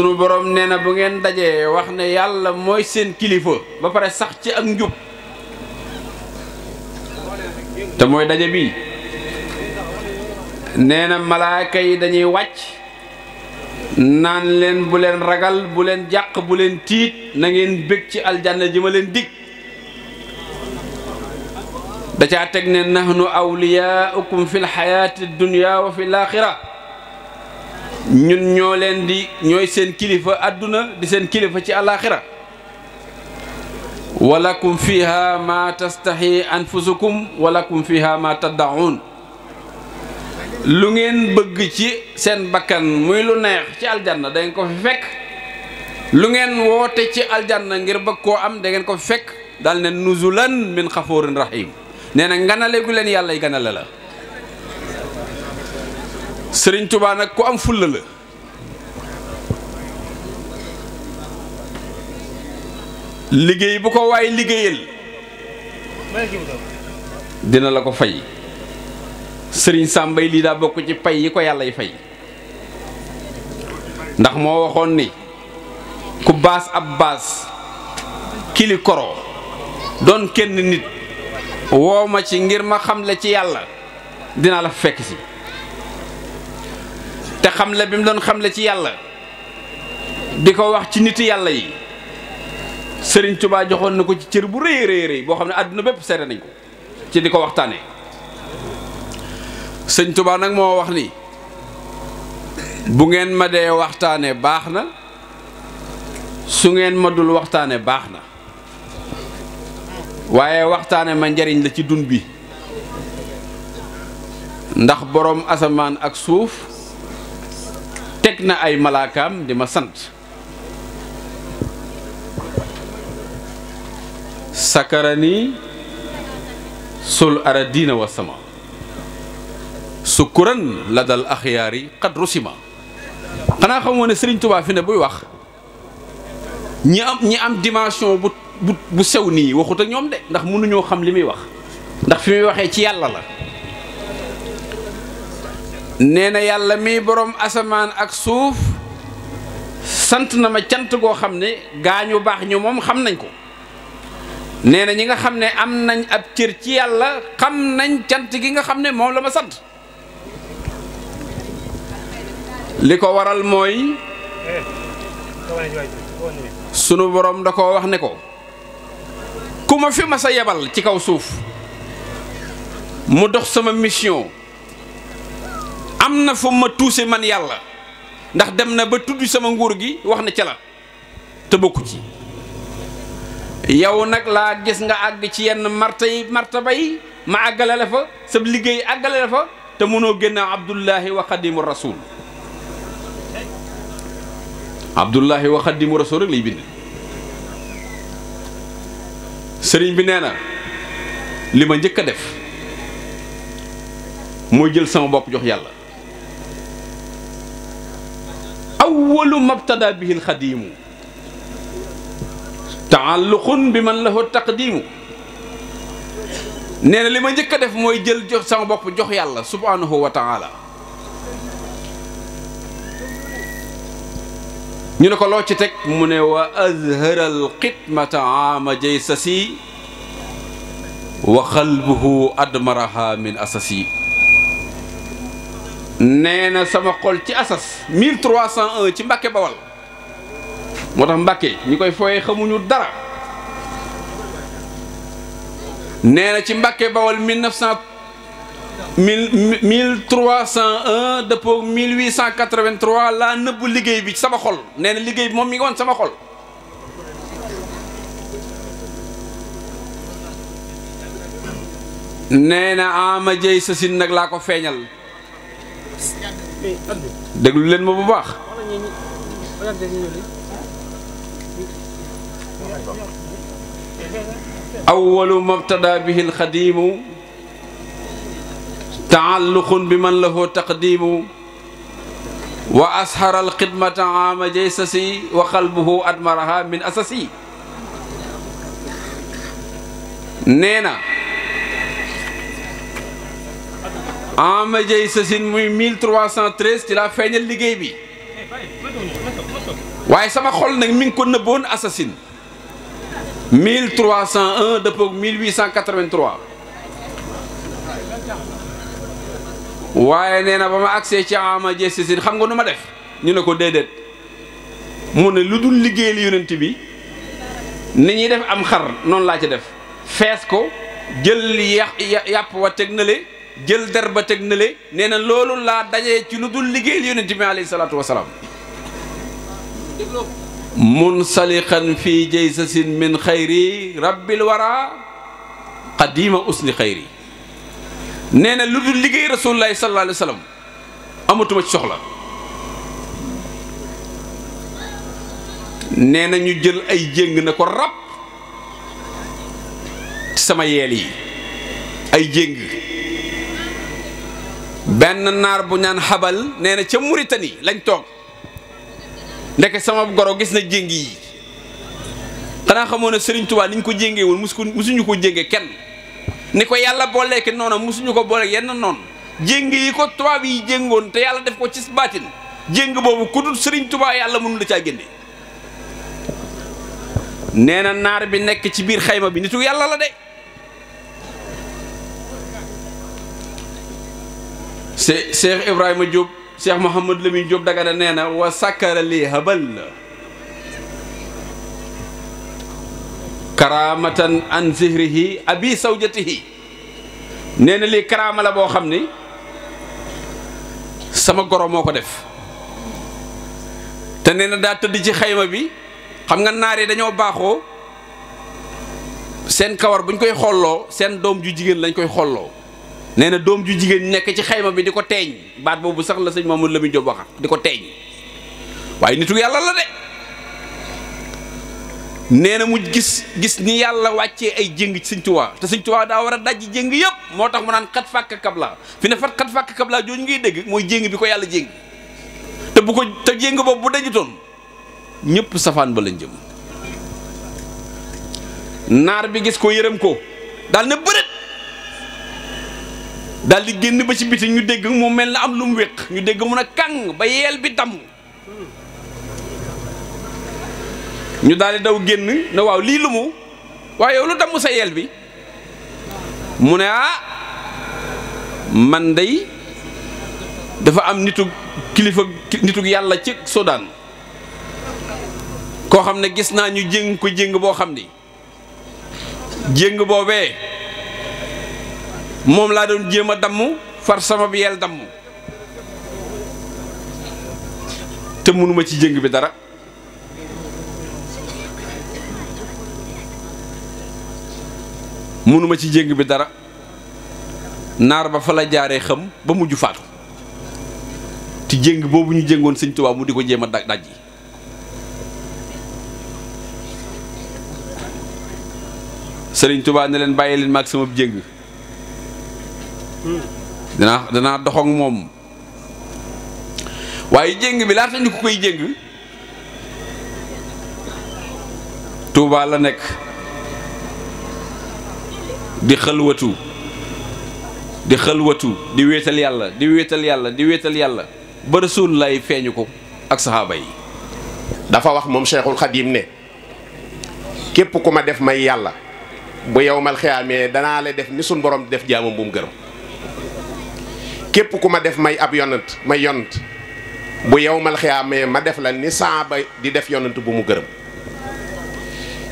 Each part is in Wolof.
sunu borom nee na bu ngeen dajee wax ne yàlla mooy seen kilifa ba pare sax ci ak njub te mooy daje bi nee na malaaka yi dañuy wàcc naan leen bu leen ragal bu leen jàq bu leen tiit na ngeen bég ci aljanna ji ma leen dikk da caa teg ne nahnu awliyaukum fi l xayaati dunya wa fi l ñun ñoo leen di ñooy seen kilifa àdduna di seen kilifa ci àllaaxira walla fiha ma tastahi anfusukum walakum fiha ma taddaun lu ngeen bëgg ci seen bakkan muy lu neex ci aljanna da ngeen ko fi fekk lu ngeen woote ci aljana ngir bëgg koo am da ko fi fekk daal ne nuzulan min xafoorin rahim nee na nganale gu leen yàlla y ganale la sëriñ tubaa ku am fulla la liggéey bu ko waay liggéeyal dina la ko fay sëriñ sàmbay lii daa bokk ci pay yi ko yàlla yi fay ndax moo waxoon ni ku baas ab baas kili koro doon kenn nit woo ma ci ngir ma xamle ci yàlla dinaa la fekk si te xam la bi mu doon xam la ci yàlla di ko wax ci niti yàlla yi Sëriñ tubaa joxoon na ko ci cër bu rëy rëy rëy boo xam ne àdduna bépp seere nañ ko ci di ko waxtaane Sëriñ Tuubaa nag moo wax ni bu ngeen ma dee waxtaane baax na su ngeen ma dul waxtaane baax na waaye waxtaane ma njariñ la ci dund bi ndax boroom asamaan ak suuf teg na ay malaakaam di ma sant sakarani sul ara diina wa sama sukkuran la dal axyaari xat rusima xanaa xamoo ne Sëriñ Tuubaa fi ne buy wax ñi am ñi am dimension bu bu sew nii waxut ak ñoom de ndax mënuñoo xam li muy wax ndax fi muy waxee ci yàlla la nee na yàlla mii boroom asamaan ak suuf sant na ma cant goo xam ne gaañu baax ñu moom xam nañ ko nee na ñi nga xam ne am nañ ab cër ci yàlla xam nañ cant gi nga xam ne moom la ma sant li ko waral mooy sunu boroom da koo wax ne ko ku ma fi ma sa yebal ci kaw suuf mu dox sama mission am na fu ma tuuse man yàlla ndax dem na ba tudd sama nguur gi wax na ca la te bokk ci yow nag laa gis nga àgg ci yenn marta yi ma àggale la fa sab liggéey àggale la fa te mënoo génnaaw abdullahi wa xadimu rasul abdullahi wa xadimu rasul rek lay bind sëriñ bi nee na li ma njëkk a def mooy jël sama bopp jox yàlla awwalu mabtada bihi alxadiimu taalluqun bi man lahu taqdiimu nee na li ma njëkk a def mooy jël jox sama bopp jox yàlla subhaanahu wa taala ñu ne ko loo ci teg mu ne wa azhara alxidmata aama jaysasi wa qalbuhu admaraha min asasi nee na sama xol ci asas 1301 ci Mbàkke Bawal moo tax Mbàkke ñi koy fooyee xamuñu dara nee ci Mbàkke Bawal 1900 1301 dëppoo 1883 laa nëbbu liggéey bi sama xol nee na liggéey bi moom mi ngi woon sama xol nee na ama jëy sa sin nag laa ko feeñal déglu leen ma bu baax. awwalu mabtada bihi alxadiimu taalluqun bi man lahu taqdiimu wa ashara alxidmata aama jaysasi wa qalbuhu admaraha min asasi nee na Ama Dieye Sassine muy 1313 ci laa feeñal liggéey bi waaye sama xol nag mi ngi ko nëbboon à Sassine 1301 dëppoog 1883 waaye nee na ba ma agsee ci Ama Dieye Sassine xam nga nu ma def ñu ne ko déedéet mu ne lu dul liggéey liggéeyal yonent bi ni ñuy def am xar noonu laa ci def fees ko jël yàq yàpp wa teg nale jël der ba teg na nee na loolu laa dajee ci lu dul liggéeyal yonent bi alayhi salaatu wasalaam munsalixan fii jaysasin min xayri rabbil wara qadima usni xayri nee na lu dul liggéey rasulullahi sallallahu alayhi wasallam amatuma ci soxla nee na ñu jël ay jéng na ko rab sama yeel yi ay jéng benn naar bu ñaan xabal nee na ca Mauritanie lañ toog ndeke sama goro gis na jéngi yi xanaa xamoon ne Serigne Touba ni ko jéngee woon musu ko musuñu ko jéngee kenn ni ko yàlla booleeki noona musuñu ko booleek yenn noon jéng yi ko tubaab yi jéngoon te yàlla def ko ci baatin jéng boobu ku dul Serigne Touba yàlla mënu la caa génne nee na naar bi nekk ci biir xayma bi nitu yàlla la de se Cheikh Ibrahima Diop Cheikh Mouhamad Lamine Diop Dagana nee na wa sakkara lii habal karaamatan an zihrihi abi sawjatihi nee na lii karaama la boo xam ni sama goro moo ko def te nee na daa tëdd ci xayma bi xam nga naar yi dañoo baaxoo seen kawar buñ koy xolloo seen doom ju jigéen lañ koy xolloo nee na doom ju jigéen nekk ci xayma bi di ko teeñ baat boobu sax la sëñ Mamadou Lamine Diop waxat di ko teeñ waaye nitu yàlla la de nee na mu gis gis ni yàlla wàccee ay jëng ci sëñ te sëñ Tuubaa daa war a daj jëng yëpp moo tax mu naan xat fàkk kabla fi ne fat xat fàkk kabla jooju ngay dégg mooy jëng bi ko yàlla jëng te bu ko te jëng boobu bu dajutoon ñëpp safaan ba lañ jëm naar bi gis ko yërëm ko daal ne bëri daal di génn ba ci biti ñu dégg mu mel na am lu mu wéq ñu dégg mu ne kàng ba yeel bi damm ñu daal daw génn ne waaw lii lu mu waaye yow lu damm sa yeel bi mu ne ah man day dafa am nitu kilifa nitu yàlla ci Sodaan koo xam ne gis naa ñu jéng ko jéng boo xam ni jéng boobee moom laa doon jéem a damm far sama bi yel damm te mënuma ci jëng bi dara mënuma ci jëng bi dara naar ba fa la jaaree xam ba mujj faatu te jëng boobu ñu jéngoon sëñ Tuubaa mu di ko jéem a daj daj sëriñ Tuubaa ne leen bàyyi leen maag sama jëng danaa danaa dox moom waaye jëng bi laata ñu ko koy jéng Tuubaa la nekk di xëlwatu di xëlwatu di wéetal yàlla di wéetal yàlla di wéetal yàlla ba rasuul lay feeñu ko ak saxaaba yi dafa wax moom Cheikhul Khadim ne képp ku ma def may yàlla bu yow mal xiyaamee danaa la def ni suñ borom def jaamam bu mu gërëm képp ku ma def may ab yonant may yonant bu yowmal xiyaamee ma def la ni saaba di def yonant bu mu gërëm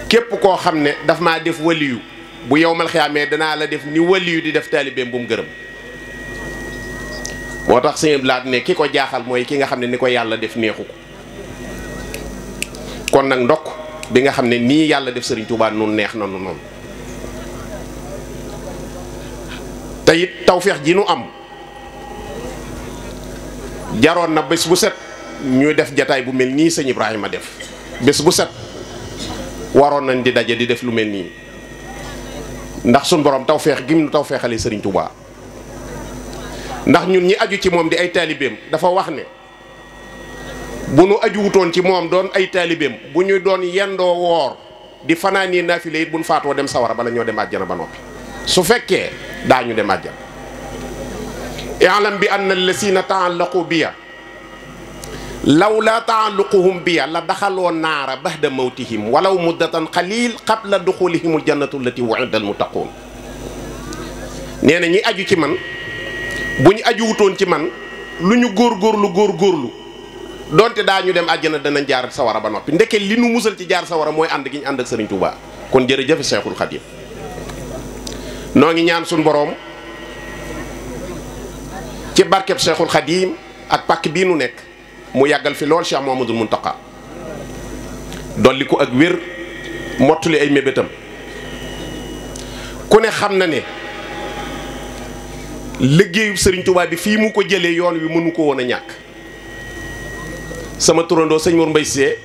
képp koo xam ne daf maa def waliyu bu yowmal xiyaamee danaa la def ni waliyu di def taalibeem bu mu gërëm moo tax sëñ laat ne ki ko jaaxal mooy ki nga xam ne ni ko yàlla def neexu ko kon nag ndokk bi nga xam ne nii yàlla def sëriñ Tuubaa nun neex na nu noonu te it tawfeex ji nu am jaroon na bés bu set ñuy def jataay bu mel nii sëñ Ibrahima def bés bu set waroon nañ di daje di def lu mel nii ndax suñ boroom tawfeex gim nu tawfeexalee sëriñ Touba ndax ñun ñi aju ci moom di ay taalibeem dafa wax ne bu nu aju wutoon ci moom doon ay taalibeem bu ñu doon yendoo woor di fanaanee naafile it bu nu faatoo dem sawara bala ñoo dem àjjana ba noppi su fekkee daañu dem àjjana i'lam bi na anna allasina taallaqu biya lawla taalluquhum biya la daxaloo naara baxda mawtihim walaw muddatan xalil qabla duxulihimul jannatu allati wu'ida almuttaquun nee na ñi aju ci man bu ñu aju wutoon ci man lu ñu góor góorgóorlu donte daa ñu dem àjjana danañ jaar sawara ba noppi ndeke li nu musal ci jaar sawara mooy ànd gi ñu ànd ak Serigne Touba kon jërëjëf Cheikhul Khadim noo ngi ñaan suñu boroom. ci barkeb Cheikhul Khadim ak pàkk bii nu nekk mu yàggal fi lool Cheikh Mouhamadul Mountakha dolli ko ak wér mottali ay mébétam ku ne xam na ne liggéeyu Serigne Touba bi fii mu ko jëlee yoon wi mënu ko woon a ñàkk sama turandoo sëñ Mor Mbaye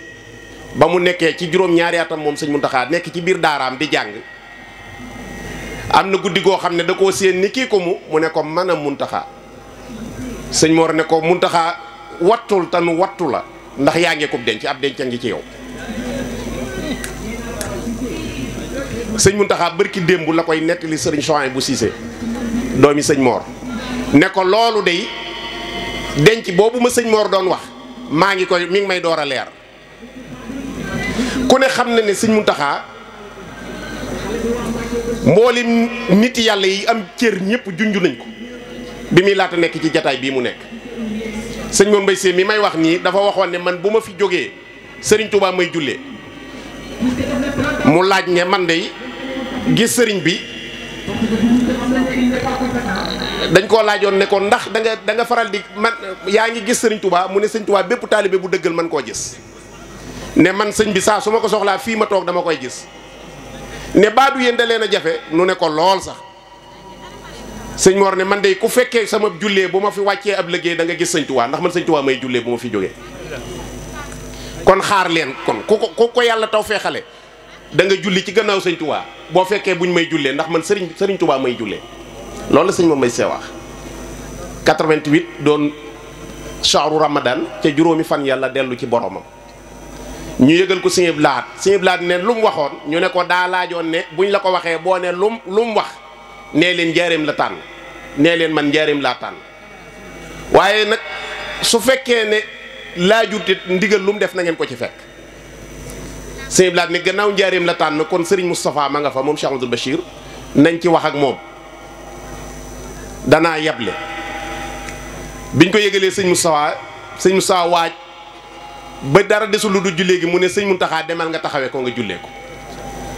ba mu nekkee ci juróom atam moom sëñ Mountakha nekk ci biir daaraam di jàng am na guddi goo xam ne da koo séen ni kii ko mu mu ne ko mën a Mountakha sëñ moor ne ko Muntaxa wattul te nu wattu la ndax yaa ngi ko denc ab denca ngi ci yow sëñ Muntaxa bërki démb la koy nettali sëriñ Sohain bu Cissé doomi sëñ Mor ne ko loolu day denc boobu ma sëñ moor doon wax maa ngi koy mi ngi may door a leer ku ne xam na ne sëñ Muntaxa mboolem nit yàlla yi am cër ñëpp junju nañ ko bi muy laata nekk ci jataay bii mu nekk sëñ Mor Mbaye Sy mi may wax nii dafa waxoon ne man bu ma fi jógee sëriñ Touba may jullee mu laaj ne man de gis sëriñ bi dañ koo laajoon ne ko ndax danga danga faral di man yaa ngi gis sëriñ Touba mu ne sëñ Touba bépp taalibe bu dëggal man koo gis ne man sëñ bi saa su ma ko soxlaa fii ma toog dama koy gis ne baadu yéen da leen a jafe nu ne ko lool sax sëñ Mor ne man de ku fekkee sama jullee bu ma fi wàccee ab liggéey da nga gis sëñ Tuubaa ndax man sëñ Tuubaa may jullee bu ma fi jógee kon xaar leen kon ku ko ko yàlla taw feexale da nga julli ci gannaaw sëñ Tuubaa boo fekkee bu ñu may jullee ndax man sëriñ sëriñ Tuubaa may jullee loolu la sëñ Mor may see wax 88 doon shahru ramadan ca juróomi fan yàlla dellu ci boromam ñu yëgal ko sëñ Blaat sëñ Blaat ne lu mu waxoon ñu ne ko daa laajoon ne buñ la ko waxee boo ne lum lu wax nee leen njaareem la tànn nee leen man njaareem laa tànn waaye nag su fekkee ne laajut it ndigal lu mu def na ngeen ko ci fekk sëñ Blaat ne gannaaw njaareem la tànn kon Serigne Moustapha ma nga fa moom Cheikh Abdoul Bachir nañ ci wax ak moom danaa yable biñ ko yëgalee sëñ Moustapha sëñ Moustapha waaj ba dara desul lu du léegi mu ne sëñ Mountakha demal nga taxawee ko nga jullee ko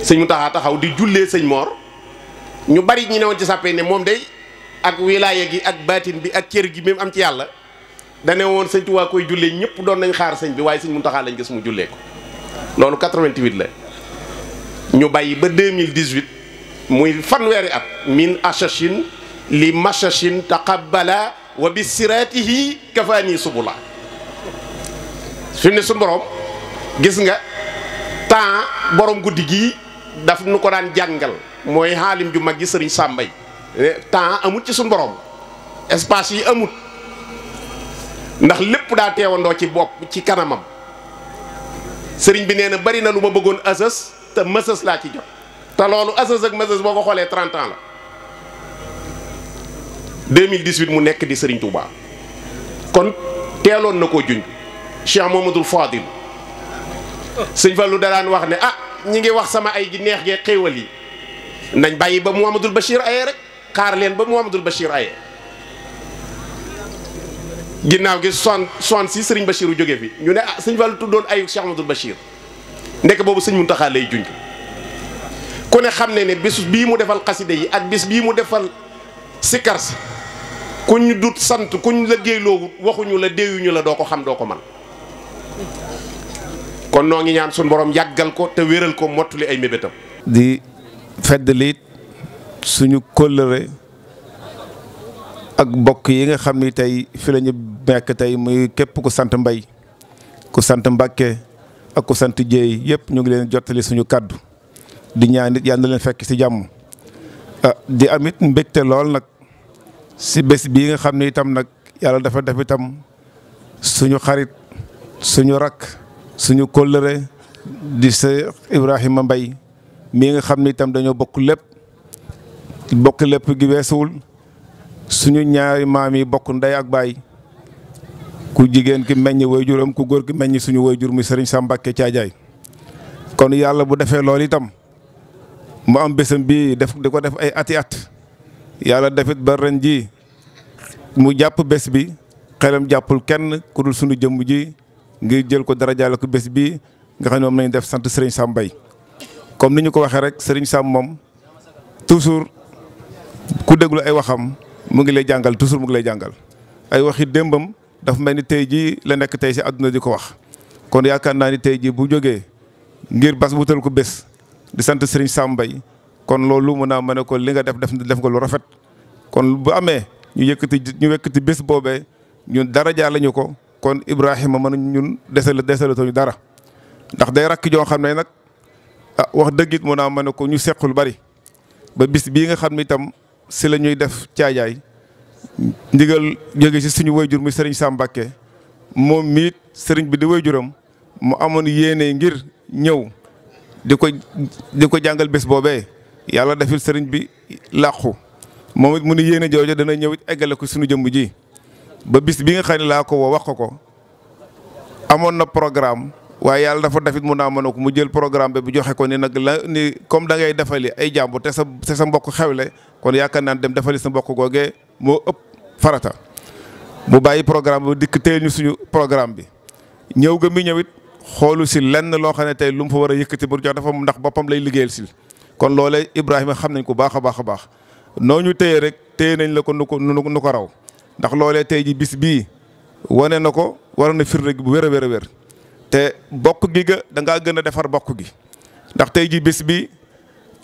sëñ Mountakha taxaw di jullee sëñ Mor. ñu bari ñu newoon ci sàppe ne moom day ak wilaaya gi ak baatin bi ak cër gi même am ci yàlla dane woon sëñ Tuubaa koy jullee ñëpp doon nañ xaar sëñ bi waaye sëñ Muntaxaa lañ gis mu jullee loolu 88 la ñu bàyyi ba 2018 muy fanweeri at min achachin li machachin taqabbala wa bi siraatihi kafaani subula fi mu ne suñ borom gis nga temps borom guddi gii daf nu ko daan jàngal mooy xaalim ju mag ji sëriñ sàmbay eh, temps amut ci suñ borom espace yi amut ndax lépp daa teewandoo ci bopp ci kanamam sëriñ bi nee na bari na lu ma bëggoon asas te mësas laa ci jot te loolu asas ak mësas boo ko xoolee 30 ans la 2018 mu nekk di sëriñ Touba kon teeloon na koo junj Cheikh Mamadou Fadil sëñ Fallou daraan wax ne ah ñi ngi wax sama ay gi neex gee xéewal yi nañ bàyyi ba mu Mouhamadul Bachir aye rek xaar leen ba Mouhamadul Bachir aye ginnaaw gi soixante soixante si sëriñ Bachir jóge jógee fi ñu ne ah sëñ Fallu tuddoon ayu Cheikh Ahmadul Bachir ndekk boobu sëñ Muntaxa lay junj ku ne xam ne ne bis bii mu defal xaside yi ak bis bii mu defal sikkar si kuñ dut sant kuñ la géeyloo waxuñu la déeyuñu la doo ko xam doo ko man kon noo ngi ñaan suñu borom yàggal ko te wéral ko mottuli ay mébétam fedd liit suñu kóllëre ak bokk yi nga xam ni tey fi la ñu nekk tey muy képp ku sant mbay ku sant mbàkke ak ku sant jéey yëpp ñu ngi leen jottali suñu kàddu di ñaan nit yàlla na leen fekk ci jàmm ah, di amit mbégte lool nag si bés bii nga xam ni itam nag yàlla dafa def itam suñu xarit suñu rakk suñu kollëre di sa Ibrahima Mbaye mii nga xam ni itam dañoo bokk lépp bokk lépp gi weesuwul suñu ñaari maam yi bokk ndey ak baay ku jigéen ki meññ waajuram ku góor ki meññ suñu waajur muy sëriñ Sam Mbàkke Caajaay kon yàlla bu defee loolu itam mu am bésam bii def di ko def ay ati at yàlla defit ba ren ji mu jàpp bés bi xelam jàppul kenn ku dul suñu jëmm ji ngir jël ko dara jaale ko bés bi nga xam ne moom nañ def sant sëriñ Sam comme ni ñu ko waxee rek Serigne Sam moom toujours ku déglu ay waxam mu ngi lay jàngal toujours mu ngi lay jàngal ay waxi démbam dafa mel ni tey jii la nekk tey si àdduna di ko wax. kon yaakaar naa ni tey jii bu jógee ngir bas wutal ko bés di sant Serigne Sam Mbaye kon loolu mun a ma ne ko li nga def def nga lu rafet kon bu amee ñu yëkkati ñu yëkkati bés boobee ñun dara jaale ñu ko kon Ibrahima mën ñun desal desalatuñu dara ndax day rakk joo xam ne nag. ah wax dëgg it naa ma ne ko ñu sequl bari ba bis bii nga xam ne itam si la ñuy def caajaay ndigal jóge si suñu wayjur muy sëriñ Sam Mbacké moom miit sëriñ bi di wayjuram mu amoon yéene ngir ñëw di ko di ko jàngal bés boobee yàlla defil sëriñ bi làqu moom it mu ni yéene jooju dana ñëw it eggale ko suñu jëmm ji ba bis bi nga xam ne laa ko woo wax ko ko amoon na programme waaye yàlla dafa dafit mu naa mën ko mu jël programme bi bu joxe ko ni nag la ni comme dangay ngay defali ay jàmbur te sa te sa mbokk xewle kon yaakaar naan dem defali sa mbokk googe moo ëpp farata mu bàyyi programme bi dikk teel ñu suñu programme bi ñëw ga mi ñëwit xoolu si lenn loo xam ne lu mu fa war a yëkkati bu jox dafa ndax boppam lay si kon loolee Ibrahima xam nañ ko baax a baax a baax noo ñu rek téye nañ la ko nu ko nu ko raw ndax loolee tey ji bis bii wane na ko war na firnde bu wér a wér wér te bokk gi ga dangaa gën a defar bokk gi ndax tey ji bis bi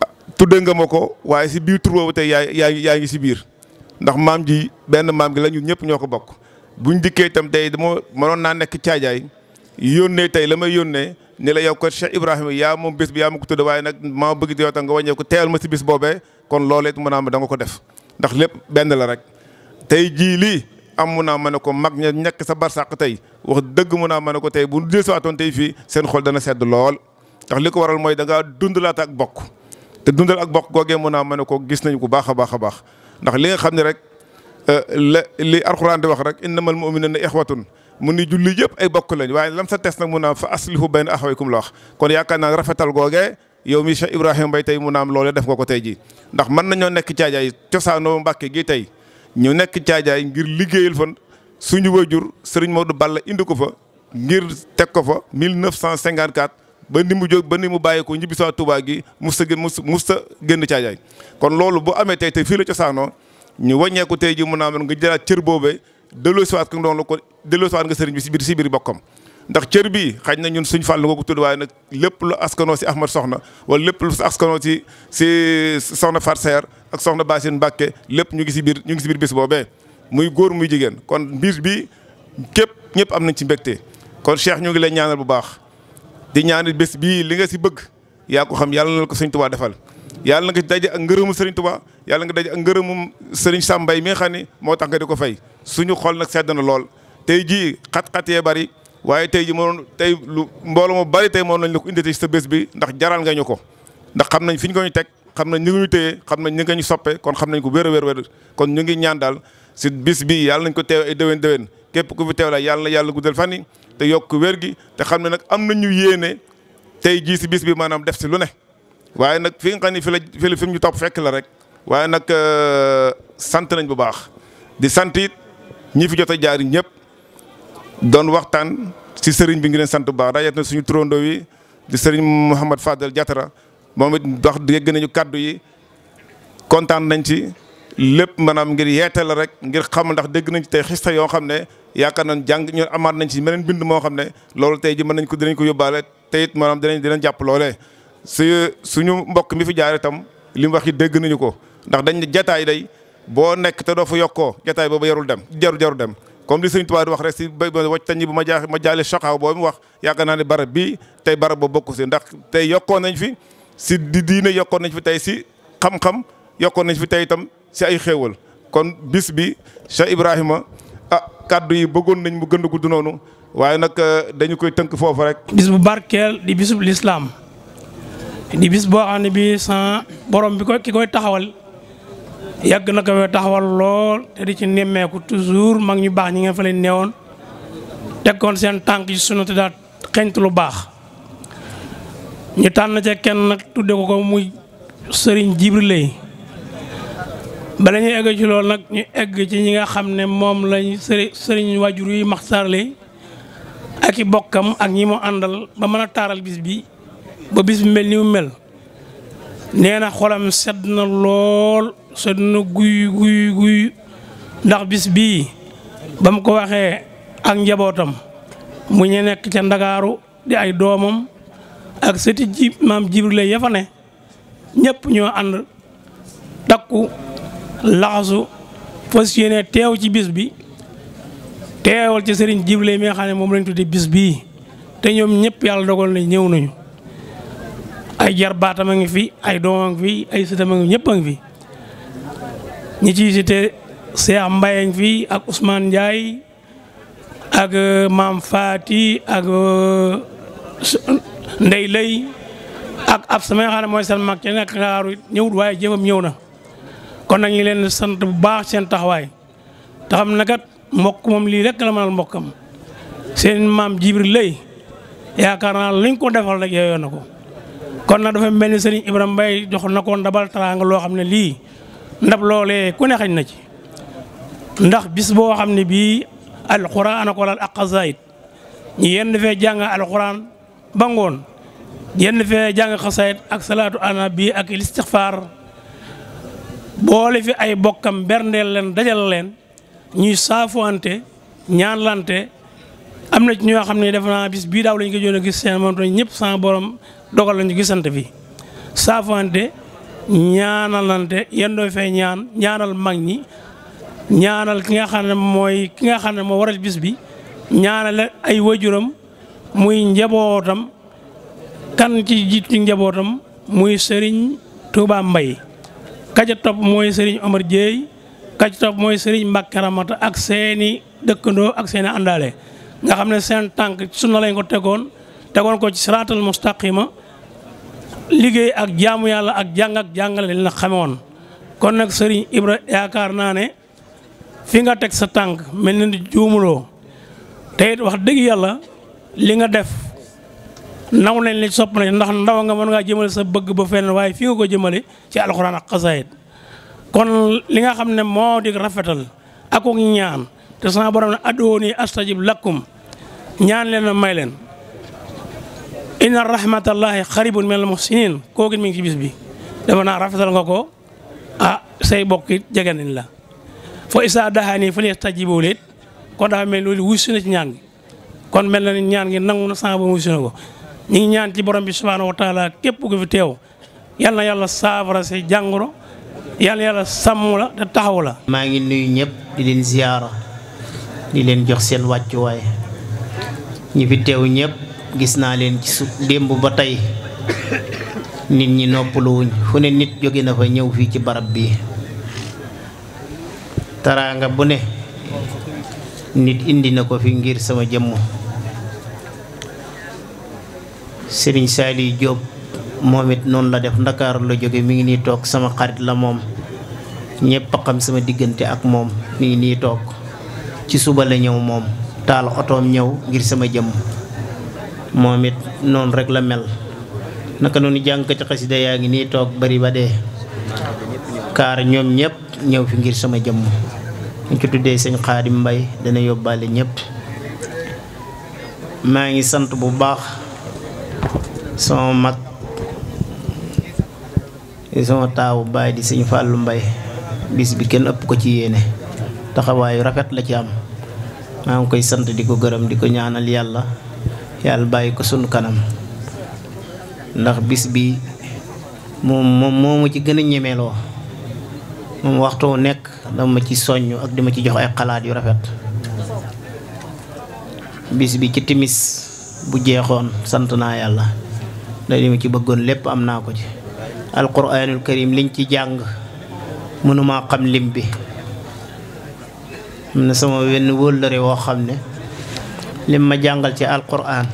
ah, tuddee nga ma ko waaye si biir tur boobu tey yaay yaa ngi si biir ndax maam ji benn maam gi lañu ñun ñëpp ñoo ko bokk bu ñu dikkee itam tey dama mënoon naa nekk caajaay yónnee tey la may yónnee ni la yow ko Cheikh Ibrahima yaa moom bis bi yaa ma ko tudd waaye nag maa bëgg yow tam nga wàññeeku teyal ma si bis boobee kon loolee it mën naa ma da nga ko def ndax lépp benn la rek tey jii lii am mun naa mën ne ko mag ña nekk sa barsàq tey wax dëgg mun naa mën ne ko tey bu dil siwaatoon tey fii seen xool dana sedd lool ndax li ko waral mooy da ngaa dundalaat ak bokk te dundal ak bokk googee mun naa mën ne ko gis nañ ko baax a baax a baax ndax li nga xam ne rek euh, la li alxuraan di wax rek innamal mu'minuna ixwatun mu ni julli yëpp ay bokk lañ waaye lam sa tes nag mun naa fa aslihu bayna axawaykum la wax kon yaakaar naa rafetal googee yo mi Cheikh Ibrahima tey mun naa am loolee def nga ko tey ji ndax mën nañoo nekk caajaay cosaanoo Mbàkke gi tey ñu nekk caajaay ngir liggéeyal fan suñu wajur moo Modou Balla indi ko fa ngir teg ko fa mille 1954 ba ni mu jóg ba ni mu bàyyi ko ñibbi saa Touba gi mu sa mu sa génn caajaay kon loolu boo amee tey te fii la cosaanoo ñu wàññeeku tey ji mun naa mën nga jëlaat cër boobee delloosiwaat ko doon la ko delloosiwaat nga sëriñ bi si biir si biir bokkam ndax cër bii xañ na ñun suñ fàll nga ko tudd waaye nag lépp lu askanoo si Ahmad Soxna wala lépp lu askanoo si si Soxna Fat Saer ak soxna Bassine Mbacke lépp ñu ngi si biir ñu ngi si biir boobee muy góor muy jigéen kon biis bii képp ñëpp am nañ ci mbégte kon Cheikh ñu ngi lay ñaanal bu baax di ñaanal bés bii li nga si bëgg yaa ko xam yàlla na ko sëñ Tuubaa defal yàlla na nga daje ak ngërëmu sëriñ Tuubaa yàlla nga daje ak ngërëmu sëriñ Sàmbay mi nga xam ne moo tax nga di ko fay suñu xol nag sedd na lool tey jii xat-xat yee bari waaye tey jii mënoon tey lu mbooloo mu bari tey moo lañ la ko indi ci sa bés bi ndax jaral nga ñu ko ndax xam nañ fi ñu teg xam na ñu ngi ñu xam nañ ñu ngi ñu soppe kon xam nañ ko wér a wér wér kon ñu ngi ñaan daal si bis bii yàlla nañ ko teew ay déwén déwén képp ku fi teew la yàlla na yàlla guddal fan yi te yokk wér gi te xam ne nag am nañu yéene tey jii si bis bi maanaam def si lu ne waaye nag fi nga xam ne fi la fi fi mu ñu topp fekk la rek waaye nag euh, sant nañ bu baax di sant it ñi fi jot a jaar ñëpp doon waxtaan si sëriñ bi ngi leen sant bu baax rawatina suñu turandoo yi di sëriñ Mouhamad Fadel Diatara moom it wax dégg nañu kàddu yi kontaan nañ ci lépp maanaam ngir yeete la rek ngir xam ndax dégg nañ tey xista yoo xam ne yaakaar nañ jàng ñun amaat nañ ci meneen bind moo xam ne loolu tey ji mën nañ ko dinañ ko yóbbaale te it maanaam dinañ dinañ jàpp loolee su suñu mbokk mi fi jaar itam li mu wax yi dégg nañu ko ndax dañ jataay day boo nekk te doo fa yokkoo jataay boobu yarul dem jaru jaru dem comme li sëñ Tuubaa di wax rek si béy wacc tañi bu ma jaa ma jaale soxaaw boobu mu wax yaakaar naa ne barab bii tey barab ba bokku si ndax tey yokkoo nañ fi si di diine yokkoon nañ fi tey si xam-xam yokkoon nañ fi tey itam si ay xéewal kon bis bi Cheikh Ibrahima ah kàddu yi bëggoon nañ mu gënd a noonu waaye nag eh, dañu koy tënk foofu rek. bis bu barkeel di bisub lislaam di bis boo xam ne bii sans borom bi ko ki koy taxawal yàgg na ko taxawal lool te di ci nemmeeku toujours mag ñu baax ñi nga fa leen neewoon koon seen tànk yi sunu te daal xeñtu lu baax. ñu tànn ca kenn nag tudde ko ko muy sëriñ Jibril Lay bala ñuy egg ci lool nag ñu egg ci ñi nga xam ne moom lañ sëriñ waajur yi Maxtaar Lay ak i bokkam ak ñi mu àndal ba mën a taaral bis bi ba bis mel ni mu mel nee na xolam sedd na lool sedd na guy guy guy ndax bis bii ba mu ko waxee ak njabootam mu ñu nekk ca ndakaaru di ay doomam ak sëti ji maam Jibril ya fa ne ñëpp ñoo ànd takku laxasu fas yéene teew ci bis bi teewal ci sëriñ Jibril mi nga xam ne moom lañ tuddi bis bii te ñoom ñëpp yàlla dogal na ñëw nañu ay jarbaatam a ngi fi ay doom a ngi fi ay sëtam a ngi ñëpp a ngi fi ñi ciy cité Cheikh Mbaye a ngi fi ak Ousmane Ndiaye ak euh, maam Faati ak euh, ndey lay ak ab sama nga mooy seen mag ca nekk Ndakaaru ñëwut waaye jëfam ñëw na kon nag ñu leen sant bu baax seen taxawaay te xam na mbokk moom lii rek la mënal mbokkam seen maam Jibril lay yaakaar naa luñ ko defal rek yooyu na ko kon nag dafa mel ni Serigne Ibrahima Mbaye jox na ko ndabal taraanga loo xam ne lii ndab loolee ku ne xañ na ci ndax bis boo xam ne bii alxuraan a ko laal ak xasaayit ñu yenn fee jàng alxuraan bangoon yenn fee jàng xasaayit ak salaatu ana bii ak listixfaar boole fi ay bokkam berndeel leen dajal leen ñuy saafuwante ñaanlante am na ci ñoo xam ne def naa bis bii daaw lañu ko joon a gis seen moom ñëpp sama borom dogal lañu gisante fi saafuwante ñaanalante yendoo fee ñaan ñaanal mag ñi ñaanal ki nga xam ne mooy ki nga xam ne moo waral bis bi ñaanal ay wajuram muy njabootam kan ci jiit ci njabootam muy sëriñ Touba mbay ka ca topp mooy Serigne Omar Dieye ka topp mooy Serigne Mbacke Ramata ak seeni dëkkandoo ak seeni àndaale nga xam ne seen tànk sunna lañ ko tegoon tegoon ko ci siraatal mustaqima liggéey ak jaamu yàlla ak jàng ak jàngale li na xame woon kon nag sëriñ Ibra yaakaar naa ne fi nga teg sa tànk mel na ni juumuloo te wax dëgg yàlla li nga def naw nañ la sopp nañ ndax ndaw nga mën ngaa jëmale sa bëgg ba fenn waaye fi nga ko jëmale ci alxuraan ak xasaayid kon li nga xam ne moo di rafetal ak ñaan te sama borom a adooni astajib ñaan leen na may leen inna rahmatallahi xaribun minal muhsinin kooku mi ngi ci bis bi dafa naa rafetal nga ko ah say bokki jege nañ la fo isaa daxaa nii fa liestajibu leen kon dafa mel loolu wusu na ci ñaan gi kon mel na ni ñaan ngi nangu na sama ba muy ko ñu ñaan ci borom bi subhaanahu wa taala képp ku fi teew yal na yàlla saafara si jàngoro yàlla yàlla sàmm la te taxaw la. maa ngi nuyu ñëpp di leen ziyaara di leen jox seen wàccuwaay ñi fi teew ñépp gis naa leen ci su démb ba tey nit ñi noppaluwuñ fu ne nit jóge na fa ñëw fii ci barab bi taraanga bu ne nit indi na ko fi ngir sama jëmm. Serigne Saliou Diop moom it noonu la def ndakaaru la jóge mi ngi nii toog sama xarit la moom ñëpp xam sama diggante ak moom mi ngi nii toog ci suba la ñëw moom taal otoom ñëw ngir sama jëmm moom noonu rek la mel naka noonu jàng ci xasida yaa ngi nii toog bari ba kaar ñoom ñëpp ñëw fi ngir sama jëmm ñu ci tuddee sëñ Xaadim Mbay dana yóbbaale ñëpp maa ngi sant bu baax sama mag sama taawu baay di sëñ Fallou mbay bis bi kenn ëpp ko ci yéene taxawaayu rafet la ci am maa ngi koy sant di ko gërëm di ko ñaanal yàlla yàlla bàyyi ko sunu kanam ndax bis bi moom moom moomu ci gën a ñemeeloo moom waxtu nekk dama ci soññ ak dama ci jox ay xalaat yu rafet bis bi ci timis bu jeexoon sant naa yàlla la li ma ci bëggoon lépp am naa ko ci alquranul karim liñ ci jàng mënuma xam lim bi am na sama wenn wóllëre woo xam ne lim ma jàngal ci alquran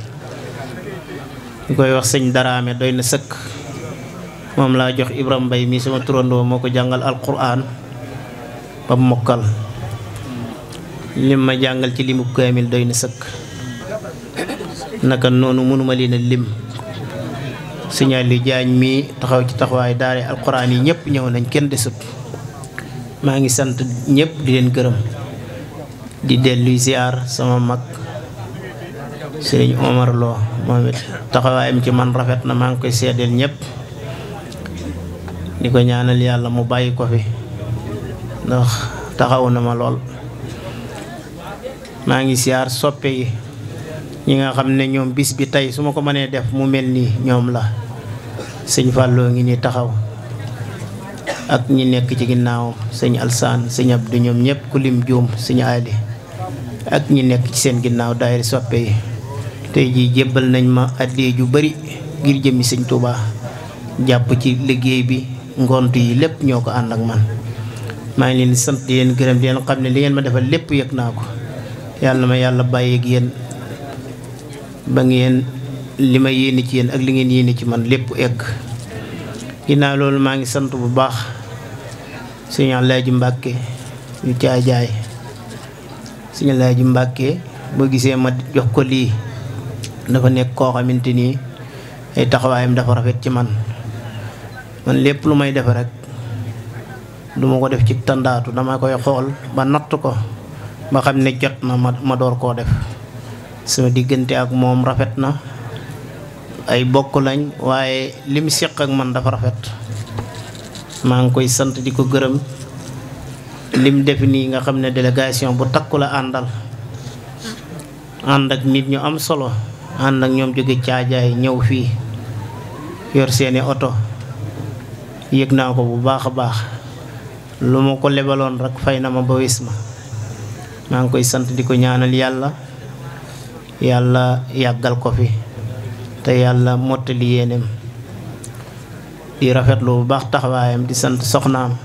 ñu koy wax sëñ daraame doy na sëkk moom laa jox Ibrahima Mbay mi sama turandoo moo ko jàngal alquran ba mokkal lim ma jàngal ci limu kaamil doy na sëkk naka noonu mënuma leen a lim signal lu jaañ mi taxaw ci taxawaayu daare alquran yi ñëpp ñëw nañ kenn desut maa ngi sant ñëpp di leen gërëm di delluy ziar sama mag sëriñ Omar Lo moom it taxawaayam ci man rafet na maa ngi koy seedeel ñëpp di ko ñaanal yàlla mu bàyyi ko fi ndax taxaw na ma lool maa ngi ziar soppe yi ñi nga xam ne ñoom bis bi tey su ma ko manee def mu mel nii ñoom la sëñ Fallou ngi ni taxaw ak ñi nekk ci ginnaawam sëñ Alsaan sëñ Abdou ñoom ñëpp ku lim juum sëñ Ali ak ñi nekk ci seen ginnaaw daayira soppe yi tey jii jébbal nañ ma addiya yu bari ngir jëmmi sëñ Touba jàpp ci liggéey bi ngont yi lépp ñoo ko ànd ak man maa ngi leen sant di leen gërëm di leen xam ne li ngeen ma defal lépp yëg naa ko yàlla ma yàlla bàyyeeg yéen ba ngeen li ma yéene ci yéen ak li ngeen yéene ci man lépp ekk ginnaaw loolu maa ngi sant bu baax sëñ Alaaji Mbàkke ñu caajaay sëñ Alaaji Mbàkke boo gisee ma jox ko lii dafa nekk koo xamante nii ay taxawaayam dafa rafet ci man man lépp lu may rekk du ma ko def ci tandaatu dama koy xool ba natt ko ba xam ne jot na ma ma door koo def sama diggante ak moom rafet na ay bokk lañ waaye li mu séq ak man dafa rafet maa ngi koy sant di ko gërëm lim def nii nga xam ne délégation bu takku la àndal ànd ak nit ñu am solo ànd ak ñoom jóge caajaay ñëw fii yor seeni oto yëg naa ko bu baax a baax lu ma ko lebaloon rekk fay na ma ba wis ma maa ngi koy sant di ko ñaanal yàlla yàlla yàggal ko fi te yàlla mottali yéenem di rafetlu bu baax taxawaayam di sant soxnaam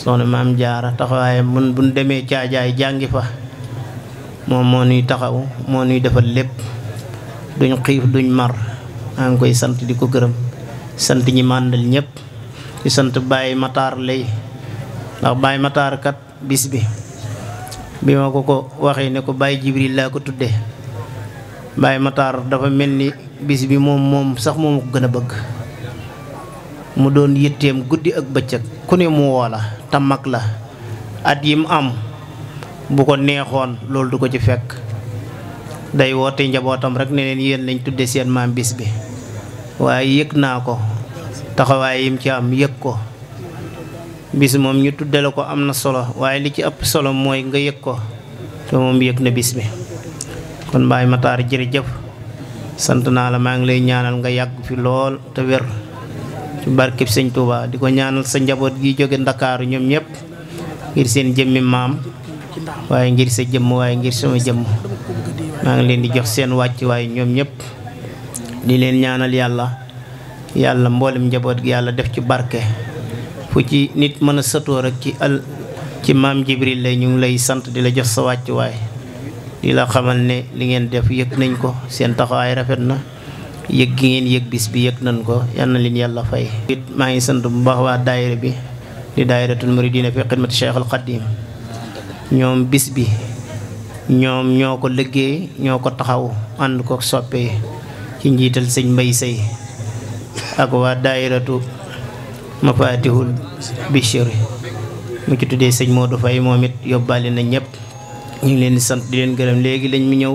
soxna maam jaara taxawaayam mun buñ demee caajaay jàngi fa moom moo nuy taxaw moo nuy defal lépp duñ xiif duñ mar maa ngi koy sant di ko gërëm sant ñi màndal ñëpp di sant Baye Matar lay ndax Baye Matar kat bis bi bi ma ko ko waxee ne ko Baye Jibril laa ko tudde Baye mataar dafa mel ni bis bi moom moom sax moom ko gën a bëgg mu doon yitteem guddi ak bëccëg ku ne mu woo la te la at yi am bu ko neexoon loolu du ko ci fekk day woote njabootam rek ne leen yéen lañ tudde seen maam bis bi waaye yëg naa ko taxawaay yim ci am yëg ko bis moom ñu tudde ko am na solo waaye li ci ëpp solo mooy nga yëg ko te moom yëg na bis bi kon mataar Matar jërëjëf sant naa la maa ngi lay ñaanal nga yàgg fi lool te wér ci barkeb sëñ Touba di ko ñaanal sa njaboot gi jóge ndakaaru ñoom ñëpp ngir seen jëmmi maam waaye ngir sa jëmm waaye ngir sama jëmm maa ngi leen di jox seen wàcc waaye ñoom ñëpp di leen ñaanal yàlla yàlla mboolem njaboot gi yàlla def ci barke fu ci nit mën a sëtoor ak ci al ci maam Jibril la ñu ngi lay sant di la jox sa wàcc waaye di la xamal ne li ngeen def yëg nañ ko seen taxawaay rafet na yëg gi ngeen yëg bis bi yëg nañ ko yal na leen yàlla fay. maa ngi sant bu baax waa daayira bi di daayiratul muridina fi xidmati Cheikh al Xadim ñoom bis bi ñoom ñoo ko liggéey ñoo ko taxaw ànd ko soppee ci njiital sëñ Mbay Sey ak waa daayiratu Mafatihul Bichri mu ci tuddee sëñ Modou Faye moom it yóbbaale na ñëpp. ñu ngi leen di sant di leen gërëm léegi lañ mu ñëw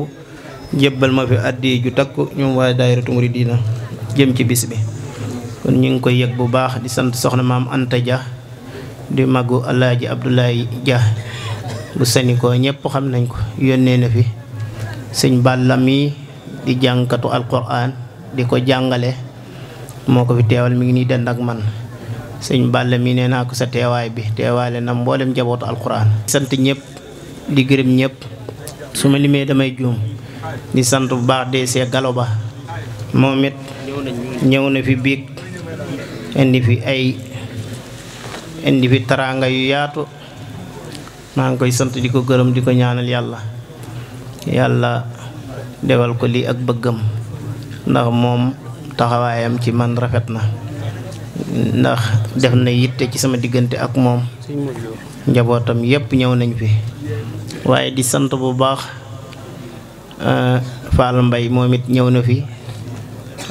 jébbal ma fi addi ju takku ñoom waa daayiratu muridina jëm ci bis bi kon ñu ngi koy yëg bu baax di sant soxna maam Anta ja di màggu alaaji Abdoulaye Dia bu sanikoo ñëpp xam nañ ko yónnee na fi sëñ bàllam yi di jàngkatu alquran di ko jàngale moo ko fi teewal mu ngi nii dend ak man sëñ bàllam yi nee naa ko sa teewaay bi teewaale na mboolem jabootu alquran sant ñëpp di gërëm ñëpp su ma limee damay juum di sant bu baax DC Galo Ba moom it ñëw na fi biig indi fi ay indi fi taraanga yu yaatu maa ngi koy sant di ko gërëm di ko ñaanal yàlla yàlla defal ko lii ak bëggam ndax moom taxawaayam ci man rafet na ndax def na yitte ci sama diggante ak moom njabootam yépp ñëw nañ fi waaye di sant bu baax euh, Fall Mbay moom it ñëw na fi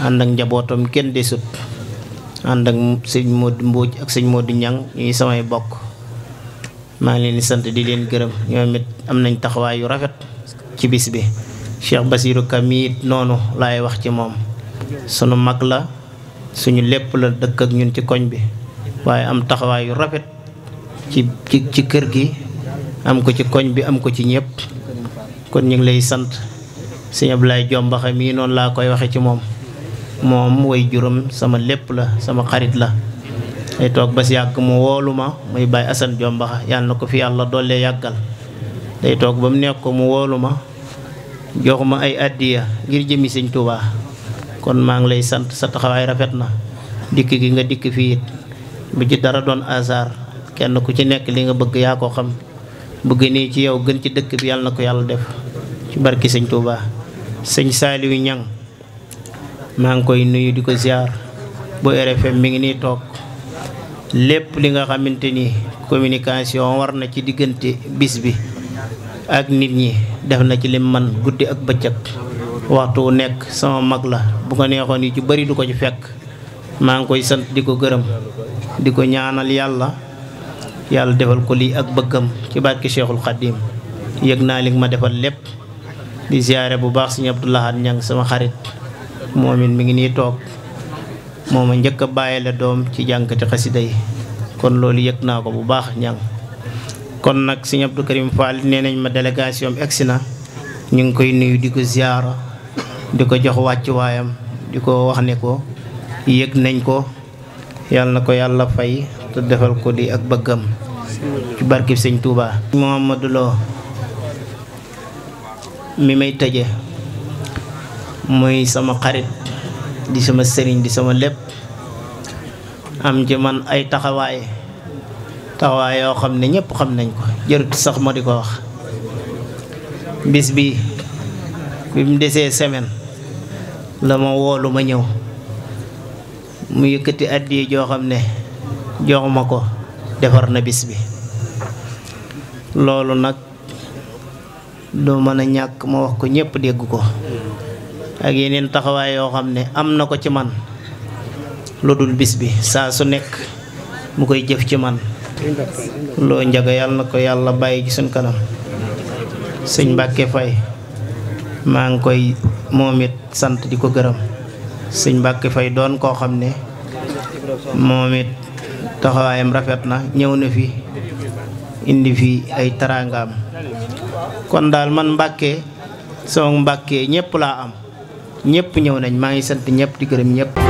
ànd ak njabootam kenn desut ànd ak sëñ Modou Mbóoj ak sëñ Modou Ñang ñuy samay bokk maa ngi leen di sant di leen gërëm ñoom it am nañ taxawaay yu rafet ci bis bi Cheikh Basirou Kamit noonu laay wax ci moom sunu mag la suñu lépp la dëkk ak ñun ci koñ bi waaye am taxawaay rafet ci ci ci kër gi am ko ci koñ bi am ko ci ñëpp kon ñu ngi lay sant sëñ Ablaye Jombaxa mii noonu laa koy waxe ci moom moom way juróom sama lépp la sama xarit la ay toog ba si yàgg mu woolu ma muy bàyyi Assane Jombaxa yàlla na ko fi yàlla dollee yàggal day toog ba mu nekk ko mu woolu ma jox ma ay addiya ngir jëmi sëñ Tuubaa kon maa ngi lay sant sa taxawaay rafet na dikk gi nga dikk fii bu ci dara doon hasard kenn ku ci nekk li nga bëgg yaa ko xam bëgg nii ci yow gën ci dëkk bi yàlla na ko yàlla def ci barki sëñ Touba sëñ Saliou Niang maa ngi koy nuyu di ko ziar bu RFM mi ngi nii toog lépp li nga xamante ni communication war na ci diggante bis bi ak nit ñi def na ci lim man guddi ak bëccëg waxtu wu nekk sama mag la bu ko neexoon yi ci bari du ko ci fekk maa ngi koy sant di ko gërëm di ko ñaanal yàlla yàlla defal ko lii ak bëggam ci barki cheikhul xadim yëg naa li ma defal lépp di ziare bu baax sëñ Abdou Lahad Niang sama xarit moom it mi ngi nii toog mooma njëkk a bàyyi la doom ci jànkati xasida yi kon loolu yëg naa ko bu baax Niang kon nag sëñ Abdou Karim Fall nee nañ ma délégation bi egsi na ñu ngi koy nuyu di ko ziara di ko jox wàcc waayam di ko wax ne ko yëg nañ ko yàlla na ko yàlla fay te defal ko di ak bëggam ci barkib sëñ Touba. Mouhamadou Lo mi may tëje muy sama xarit di sama sëriñ di sama lépp am ci man ay taxawaay taxawaay yoo xam ne ñëpp xam nañ ko jërut sax ma di ko wax bis bi bi mu desee semaine la ma woolu ma ñëw mu yëkkati addiye joo xam ne jox ma ko defar na bis bi loolu nag doo mën a ñàkk ma wax ko ñépp dégg ko ak yeneen taxawaay yoo xam ne am na ko ci man lu dul bis bi saa su nekk mu koy jëf ci man loo njaga yàlla na ko yàlla bàyyi ci suñ kanam sëñ Mbàkke Fay maa ngi koy moomit sant di ko gërëm sëñ Mbàkke Fay doon koo xam ne moom taxawaayam rafet na ñëw na fi indi fi ay taraangaam kon daal man Mbàkke sama Mbàkke ñëpp laa am ñëpp ñëw nañ maa ngi sant ñëpp di gërëm ñëpp